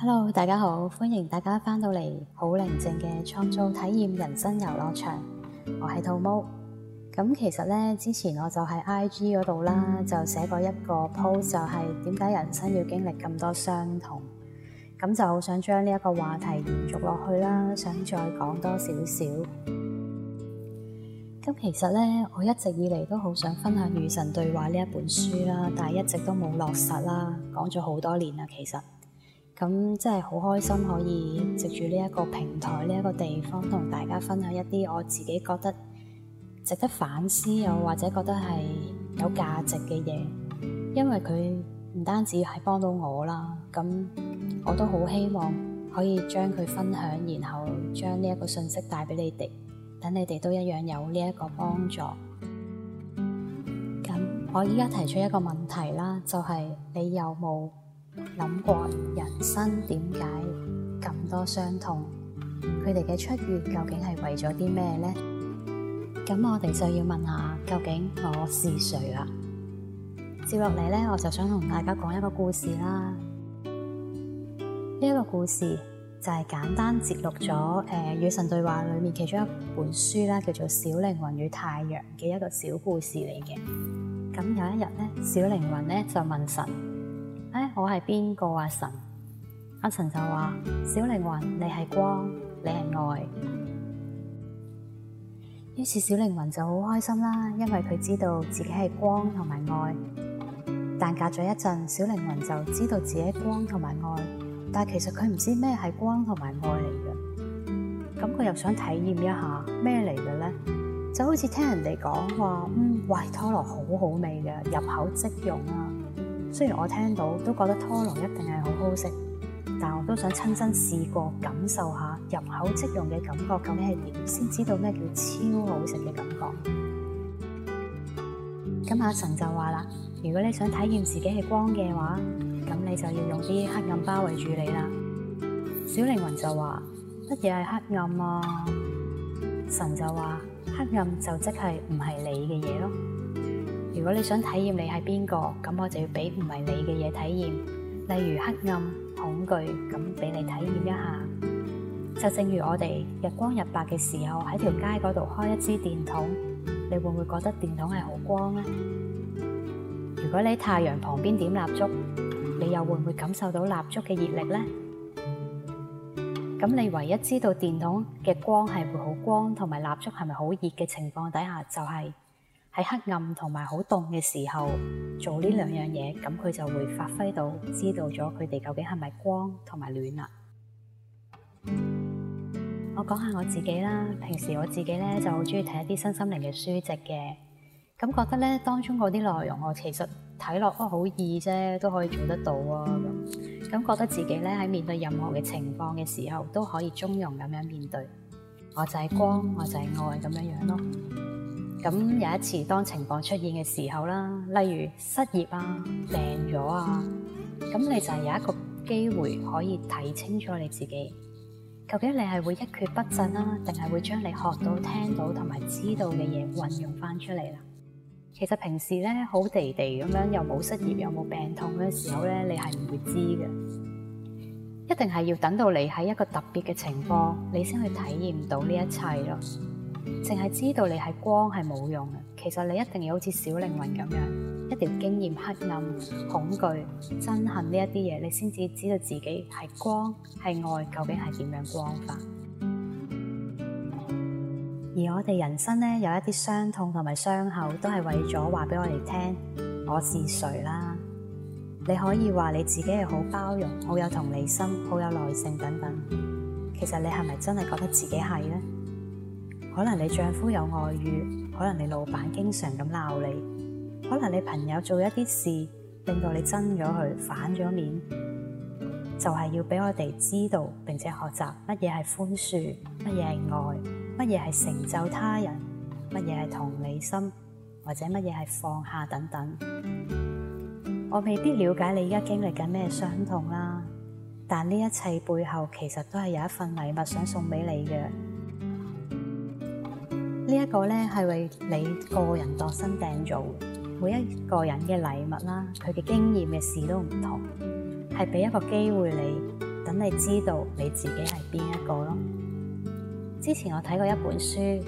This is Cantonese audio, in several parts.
Hello，大家好，歡迎大家翻到嚟好靈靜嘅創造體驗人生遊樂場，我係 Tomo。咁其實咧，之前我就喺 IG 嗰度啦，就寫過一個 post 就係點解人生要經歷咁多傷痛。咁就好想將呢一個話題延續落去啦，想再講多少少。咁其實咧，我一直以嚟都好想分享與神對話呢一本書啦，但係一直都冇落實啦，講咗好多年啦，其實。咁真係好開心，可以藉住呢一個平台、呢一個地方，同大家分享一啲我自己覺得值得反思又或者覺得係有價值嘅嘢。因為佢唔單止係幫到我啦，咁我都好希望可以將佢分享，然後將呢一個信息帶俾你哋，等你哋都一樣有呢一個幫助。咁我依家提出一個問題啦，就係你有冇？諗過人生點解咁多傷痛？佢哋嘅出現究竟係為咗啲咩咧？咁我哋就要問下，究竟我是誰啦、啊？接落嚟咧，我就想同大家講一個故事啦。呢、這、一個故事就係簡單接錄咗誒，與、呃、神對話裏面其中一本書啦，叫做《小靈魂與太陽》嘅一個小故事嚟嘅。咁有一日咧，小靈魂咧就問神。我係邊個？阿神，阿神就話：小靈魂，你係光，你係愛。於是小靈魂就好開心啦，因為佢知道自己係光同埋愛。但隔咗一陣，小靈魂就知道自己係光同埋愛，但其實佢唔知咩係光同埋愛嚟嘅。咁佢又想體驗一下咩嚟嘅咧？就好似聽人哋講話，嗯，喂，拖羅好好味嘅，入口即溶啊！雖然我聽到都覺得拖羅一定係好好食，但我都想親身試過感受下入口即溶嘅感覺究竟係點，先知道咩叫超好食嘅感覺。咁阿神就話啦，如果你想體驗自己係光嘅話，咁你就要用啲黑暗包圍住你啦。小靈魂就話：乜嘢係黑暗啊？神就話：黑暗就即係唔係你嘅嘢咯。如果你想體驗你係邊個，咁我就要俾唔係你嘅嘢體驗，例如黑暗、恐懼，咁俾你體驗一下。就正如我哋日光日白嘅時候喺條街嗰度開一支電筒，你會唔會覺得電筒係好光呢？如果你喺太陽旁邊點蠟燭，你又會唔會感受到蠟燭嘅熱力呢？咁你唯一知道電筒嘅光係會好光，同埋蠟燭係咪好熱嘅情況底下，就係、是。喺黑暗同埋好凍嘅時候做呢兩樣嘢，咁佢就會發揮到，知道咗佢哋究竟係咪光同埋暖啦。我講下我自己啦，平時我自己咧就好中意睇一啲身心靈嘅書籍嘅，咁覺得咧當中嗰啲內容我其實睇落啊好易啫，都可以做得到啊咁，咁覺得自己咧喺面對任何嘅情況嘅時候都可以中庸咁樣面對，我就係光，我就係愛咁樣樣咯。咁有一次，當情況出現嘅時候啦，例如失業啊、病咗啊，咁你就係有一個機會可以睇清清楚你自己，究竟你係會一蹶不振啦、啊，定係會將你學到、聽到同埋知道嘅嘢運用翻出嚟啦？其實平時咧好地地咁樣，又冇失業，又冇病痛嘅時候咧，你係唔會知嘅，一定係要等到你喺一個特別嘅情況，你先去體驗到呢一切咯。淨係知道你係光係冇用嘅，其實你一定要好似小靈魂咁樣，一定要經驗黑暗、恐懼、憎恨呢一啲嘢，你先至知道自己係光係愛，究竟係點樣光法？ 而我哋人生呢，有一啲傷痛同埋傷口，都係為咗話俾我哋聽，我是誰啦？你可以話你自己係好包容、好有同理心、好有耐性等等，其實你係咪真係覺得自己係呢？可能你丈夫有外遇，可能你老闆經常咁鬧你，可能你朋友做一啲事令到你憎咗佢反咗面，就係要俾我哋知道，並且學習乜嘢係寬恕，乜嘢係愛，乜嘢係成就他人，乜嘢係同理心，或者乜嘢係放下等等。我未必了解你而家經歷緊咩傷痛啦，但呢一切背後其實都係有一份禮物想送俾你嘅。呢一個咧係為你個人度身訂造，每一個人嘅禮物啦，佢嘅經驗嘅事都唔同，係俾一個機會你，等你知道你自己係邊一個咯。之前我睇過一本書，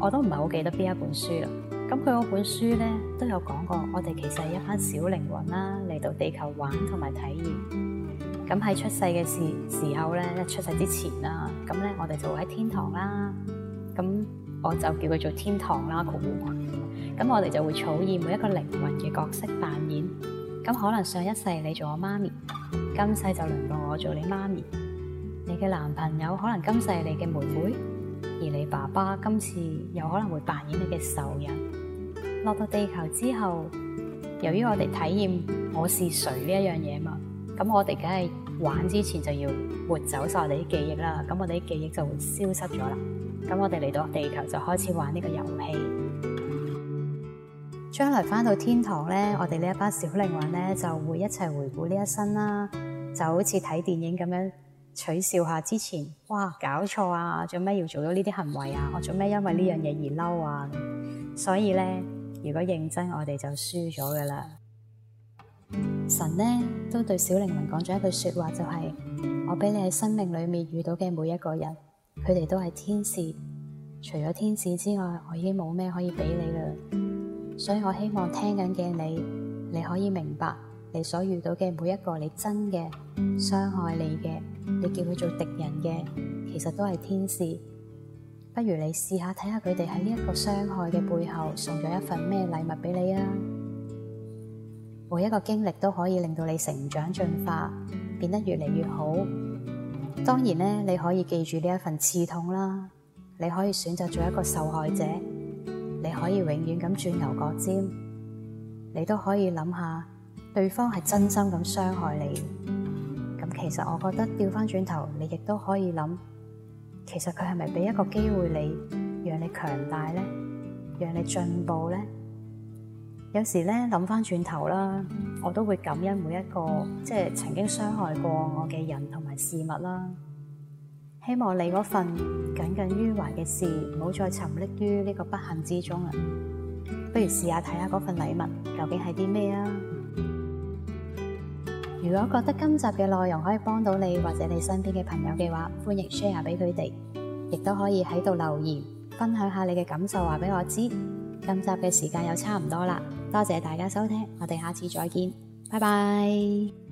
我都唔係好記得邊一本書啦。咁佢嗰本書咧都有講過，我哋其實係一班小靈魂啦，嚟到地球玩同埋體驗。咁喺出世嘅時時候咧，出世之前啦，咁咧我哋就會喺天堂啦，咁。我就叫佢做天堂啦，咁我哋就會草擬每一個靈魂嘅角色扮演。咁可能上一世你做我媽咪，今世就輪到我做你媽咪。你嘅男朋友可能今世係你嘅妹妹，而你爸爸今次又可能會扮演你嘅仇人。落到地球之後，由於我哋體驗我是誰呢一樣嘢嘛，咁我哋梗係玩之前就要活走晒我哋啲記憶啦。咁我哋啲記憶就會消失咗啦。咁我哋嚟到地球就開始玩呢個遊戲，將來翻到天堂咧，我哋呢一班小靈魂咧就會一齊回顧呢一生啦，啊，就好似睇電影咁樣取笑下之前，哇，搞錯啊，做咩要做咗呢啲行為啊？我做咩因為呢樣嘢而嬲啊？所以咧，如果認真我哋就輸咗噶啦。神咧都對小靈魂講咗一句說話，就是，就係我俾你喺生命裏面遇到嘅每一個人。佢哋都係天使，除咗天使之外，我已經冇咩可以俾你啦。所以我希望聽緊嘅你，你可以明白你所遇到嘅每一個你真嘅傷害你嘅，你叫佢做敵人嘅，其實都係天使。不如你試下睇下佢哋喺呢一個傷害嘅背後送咗一份咩禮物俾你啊！每一個經歷都可以令到你成長進化，變得越嚟越好。當然咧，你可以記住呢一份刺痛啦。你可以選擇做一個受害者，你可以永遠咁轉牛角尖，你都可以諗下對方係真心咁傷害你。咁其實我覺得掉返轉頭，你亦都可以諗，其實佢係咪俾一個機會你，讓你強大咧，讓你進步咧？有時咧，諗翻轉頭啦，我都會感恩每一個即係曾經傷害過我嘅人同埋事物啦。希望你嗰份耿耿於懷嘅事，唔好再沉溺於呢個不幸之中啦。不如試下睇下嗰份禮物究竟係啲咩啊？如果覺得今集嘅內容可以幫到你或者你身邊嘅朋友嘅話，歡迎 share 俾佢哋，亦都可以喺度留言分享下你嘅感受，話俾我知。今集嘅時間又差唔多啦。多謝大家收聽，我哋下次再見，拜拜。